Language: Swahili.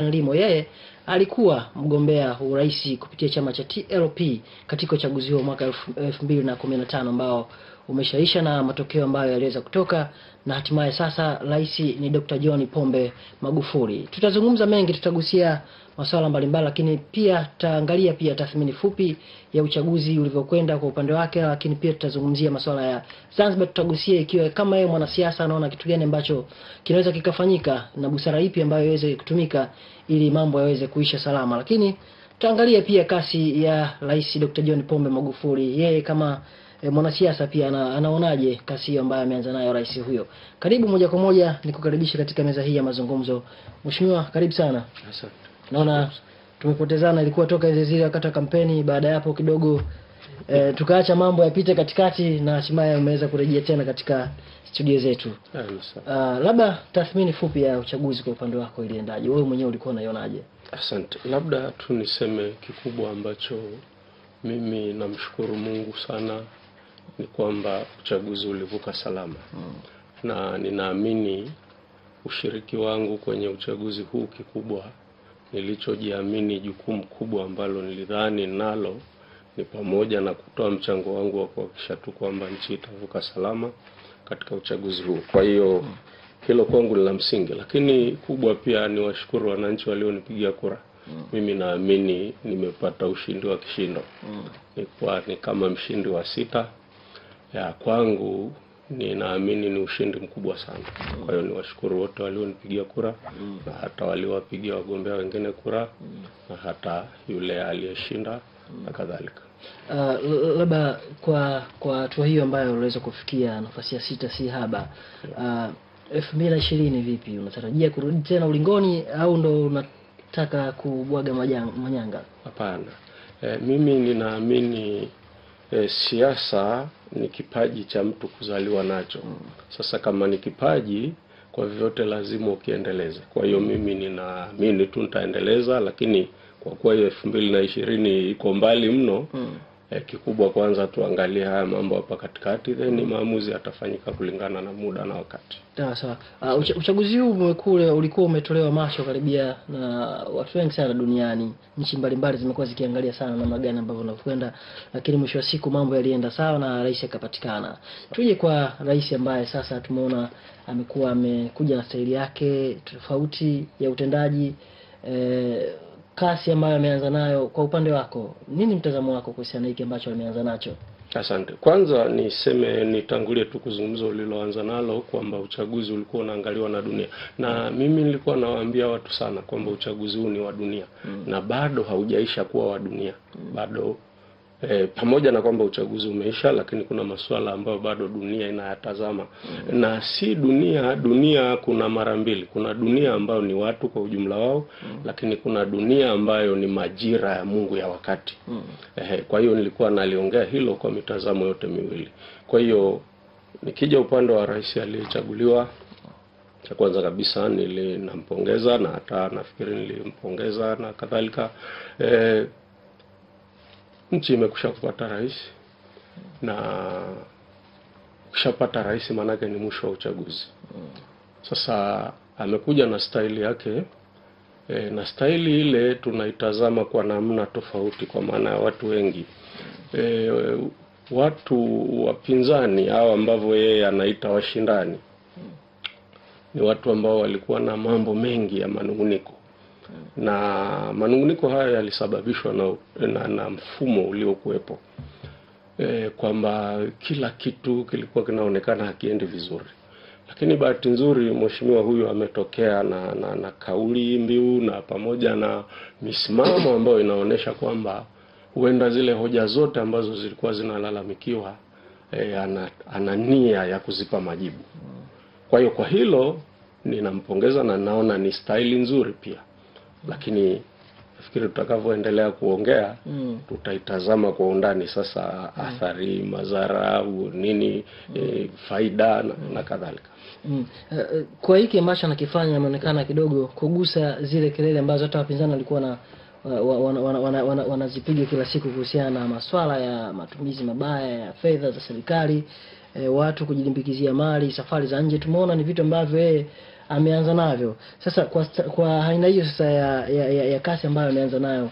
Limo yeye alikuwa mgombea urais kupitia chama cha TLP katika uchaguzi huo mwaka 2015 ambao umeshaisha na matokeo ambayo yaliweza kutoka, na hatimaye sasa rais ni Dr. John Pombe Magufuli. Tutazungumza mengi, tutagusia masuala mbalimbali, lakini pia tutaangalia pia tathmini fupi ya uchaguzi ulivyokwenda kwa upande wake, lakini pia tutazungumzia masuala ya Zanzibar, tutagusia ikiwa kama yeye mwanasiasa anaona kitu gani ambacho kinaweza kikafanyika na busara ipi ambayo iweze kutumika ili mambo yaweze kuisha salama, lakini tutaangalia pia kasi ya Rais Dr. John Pombe Magufuli, yeye kama e, mwanasiasa pia ana, anaonaje kasi hiyo ambayo ameanza nayo rais huyo. Karibu moja kwa moja nikukaribisha katika meza hii ya mazungumzo. Mheshimiwa, karibu sana. Asante. Naona tumepotezana, ilikuwa toka ile zile wakati wa kampeni, baada ya hapo kidogo e, tukaacha mambo yapite katikati na hatimaye umeweza kurejea tena katika studio zetu. Uh, labda tathmini fupi ya uchaguzi kwa upande wako iliendaje? Wewe mwenyewe ulikuwa unaionaje? Asante. Labda tu niseme kikubwa ambacho mimi namshukuru Mungu sana ni kwamba uchaguzi ulivuka salama mm. na ninaamini ushiriki wangu kwenye uchaguzi huu kikubwa nilichojiamini, jukumu kubwa ambalo nilidhani nalo ni pamoja na kutoa mchango wangu wa kuhakikisha tu kwamba nchi itavuka salama katika uchaguzi huu. Kwa hiyo hmm. hilo kwangu ni la msingi, lakini kubwa pia ni washukuru wananchi walionipigia kura. Mm. Mimi naamini nimepata ushindi wa kishindo. Mm. Ni, kwa, ni kama mshindi wa sita ya kwangu ninaamini ni ushindi mkubwa sana. Kwa hiyo niwashukuru wote walionipigia kura na hata waliowapigia wagombea wengine kura na hata yule aliyeshinda na kadhalika. Uh, labda kwa kwa hatua hiyo ambayo unaweza kufikia nafasi ya sita, si haba. Ah, elfu mbili na ishirini vipi, unatarajia kurudi tena ulingoni au ndo unataka kubwaga manyanga? Hapana, eh, mimi ninaamini e, siasa ni kipaji cha mtu kuzaliwa nacho. Mm. Sasa kama ni kipaji kwa vyovyote lazima ukiendeleze. Kwa hiyo mm. mimi ninaamini tu nitaendeleza, lakini kwa kuwa hiyo elfu mbili na ishirini iko mbali mno mm. Eh, kikubwa kwanza tuangalie haya mambo hapa katikati, then maamuzi yatafanyika kulingana na muda na wakati. Sawa. Uh, ucha, uchaguzi huu umekuwa ulikuwa umetolewa macho karibia na watu wengi sana duniani. Nchi mbalimbali zimekuwa zikiangalia sana namna gani ambavyo unakwenda, lakini mwisho wa siku mambo yalienda sawa na rais akapatikana. Tuje kwa rais ambaye sasa tumeona amekuwa amekuja na staili yake tofauti ya utendaji eh, kasi ambayo ameanza nayo, kwa upande wako nini mtazamo wako kuhusiana hiki ambacho ameanza nacho? Asante. Kwanza niseme nitangulie tu kuzungumza uliloanza nalo kwamba uchaguzi ulikuwa unaangaliwa na dunia, na mimi nilikuwa nawaambia watu sana kwamba uchaguzi huu ni wa dunia mm. na bado haujaisha kuwa wa dunia mm. bado E, pamoja na kwamba uchaguzi umeisha, lakini kuna masuala ambayo bado dunia inayatazama mm. na si dunia dunia, kuna mara mbili. Kuna dunia ambayo ni watu kwa ujumla wao mm. lakini kuna dunia ambayo ni majira ya Mungu ya wakati mm. E, kwa hiyo nilikuwa naliongea hilo kwa mitazamo yote miwili. Kwa hiyo nikija upande wa rais aliyechaguliwa, cha kwanza kabisa nili na hata nafikiri nilimpongeza na kadhalika e, nchi imekusha kupata rais na ukishapata rais maanake ni mwisho wa uchaguzi. Sasa amekuja na staili yake e, na staili ile tunaitazama kwa namna tofauti, kwa maana ya watu wengi e, watu wapinzani au ambavyo yeye anaita washindani ni watu ambao walikuwa na mambo mengi ya manunguniko na manunguniko hayo yalisababishwa na, na, na mfumo uliokuwepo e, kwamba kila kitu kilikuwa kinaonekana hakiendi vizuri, lakini bahati nzuri mheshimiwa huyu ametokea na, na, na kauli mbiu na pamoja na misimamo ambayo inaonyesha kwamba huenda zile hoja zote ambazo zilikuwa zinalalamikiwa e, ana, ana nia ya kuzipa majibu. Kwa hiyo kwa hilo ninampongeza na naona ni staili nzuri pia lakini nafikiri tutakavyoendelea kuongea mm. tutaitazama kwa undani sasa mm. athari, madhara au nini mm. e, faida na, mm. na kadhalika mm. Eh, eh, kwa hiki ambacho anakifanya inaonekana kidogo kugusa zile kelele ambazo hata wapinzani walikuwa na wanazipiga wana, wana, wana, wana kila siku kuhusiana na maswala ya matumizi mabaya ya fedha za serikali e, watu kujilimbikizia mali, safari za nje. Tumeona ni vitu ambavyo yeye ameanza navyo. Sasa kwa, kwa aina hiyo sasa ya, ya, ya, ya kasi ambayo ameanza nayo